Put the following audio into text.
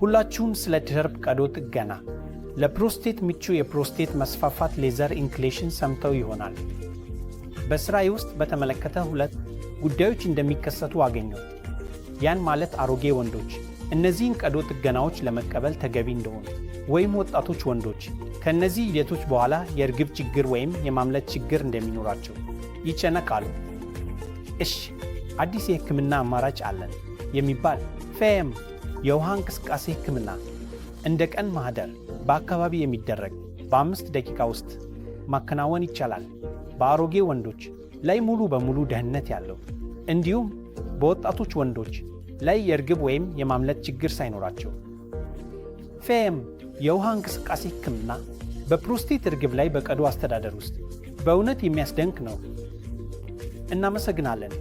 ሁላችሁም ስለ ድርብ ቀዶ ጥገና ለፕሮስቴት ምቹ የፕሮስቴት መስፋፋት ሌዘር ኢንክሌሽን ሰምተው ይሆናል። በሥራዬ ውስጥ በተመለከተ ሁለት ጉዳዮች እንደሚከሰቱ አገኘው ያን ማለት አሮጌ ወንዶች እነዚህን ቀዶ ጥገናዎች ለመቀበል ተገቢ እንደሆኑ ወይም ወጣቶች ወንዶች ከእነዚህ ሂደቶች በኋላ የእርግብ ችግር ወይም የማምለት ችግር እንደሚኖራቸው ይጨነቃሉ። እሽ አዲስ የህክምና አማራጭ አለን የሚባል ፌም የውሃ እንቅስቃሴ ህክምና እንደ ቀን ማህደር በአካባቢ የሚደረግ በአምስት ደቂቃ ውስጥ ማከናወን ይቻላል። በአሮጌ ወንዶች ላይ ሙሉ በሙሉ ደህንነት ያለው እንዲሁም በወጣቶች ወንዶች ላይ የእርግብ ወይም የማምለጥ ችግር ሳይኖራቸው። ፌም የውሃ እንቅስቃሴ ህክምና በፕሮስቴት እርግብ ላይ በቀዶ አስተዳደር ውስጥ በእውነት የሚያስደንቅ ነው። እናመሰግናለን።